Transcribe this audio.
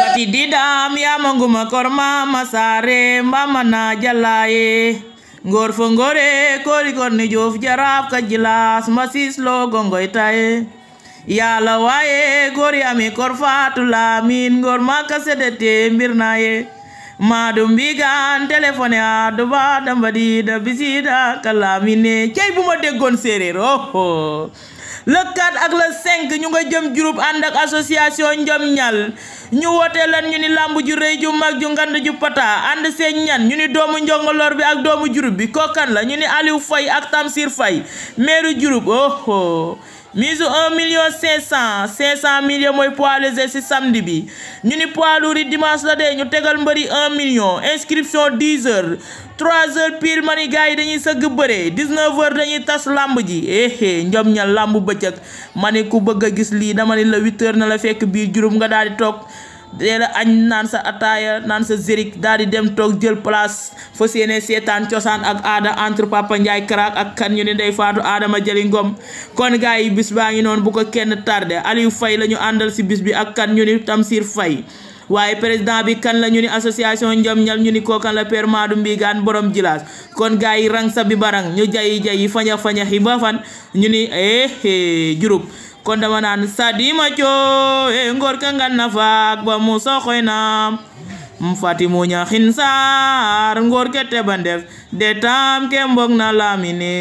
gati didam yamanguma korma masare mbamana jalaye ngor fo ngore korikorni jof jaraf ka jilas masislo gongoy taye yala waye gori ami korfatu lamin ngor maka sedete mbirnaye maɗum mbigan téléphone ha doba dambadiɗa bisida kalamine cey buma deggon séréer oho oh. le ak le 5 ñu nga jëm Diouroup ànd ak association Ndiom Ñal ñu woote lan ñu ni làmb ju rëy ju mag ju ngand ju pata ànd seen ñan ñu ni doomu njongoloor bi ak doomu Diouroup bi kookan la ñu ni Aliou fay ak Tamsir fay maire Diouroup oh oh mise un million cinq cent cinq cent million mooy poids léger ci samedi bi ñu ni poids lourd yi dimanche la dee ñu tegal mbëri un million inscription dix heures trois heures pile ma ni gars yi dañuy sëgg bëree dix-neuf heures dañuy tas làmb ji éhé eh, njom eh, ña lamb bëccëg ma ni ku bëgg a gis lii dama ni la huit heures na la fekk biir juróom nga daal di toog dela agn nan sa ataya nan sa zirik daal di dem tok djel place fas setan ciosan ak ada entre papa Ndiaye krak ak kan ñu day faatu Adama Jali Ngom kon gaay yi bis baangi non bu ko kenn tardé Aliou fay lañu andal ci si bis bi ak kan ñu ni Tamsir fay waye president bi kan la ñu ni association njom ñal ñu ni kan la père Madou Mbigaan borom jilaas kon gaay yi rang sa bi barang ñu jay jayi faña faña xiba fan ñu ni eh, eh jurub kon dama naan sadima coo e ngor ka ngan faak ba mu soxoy na fati muña xin saar ngor ke teba ndef ke mbog na laamine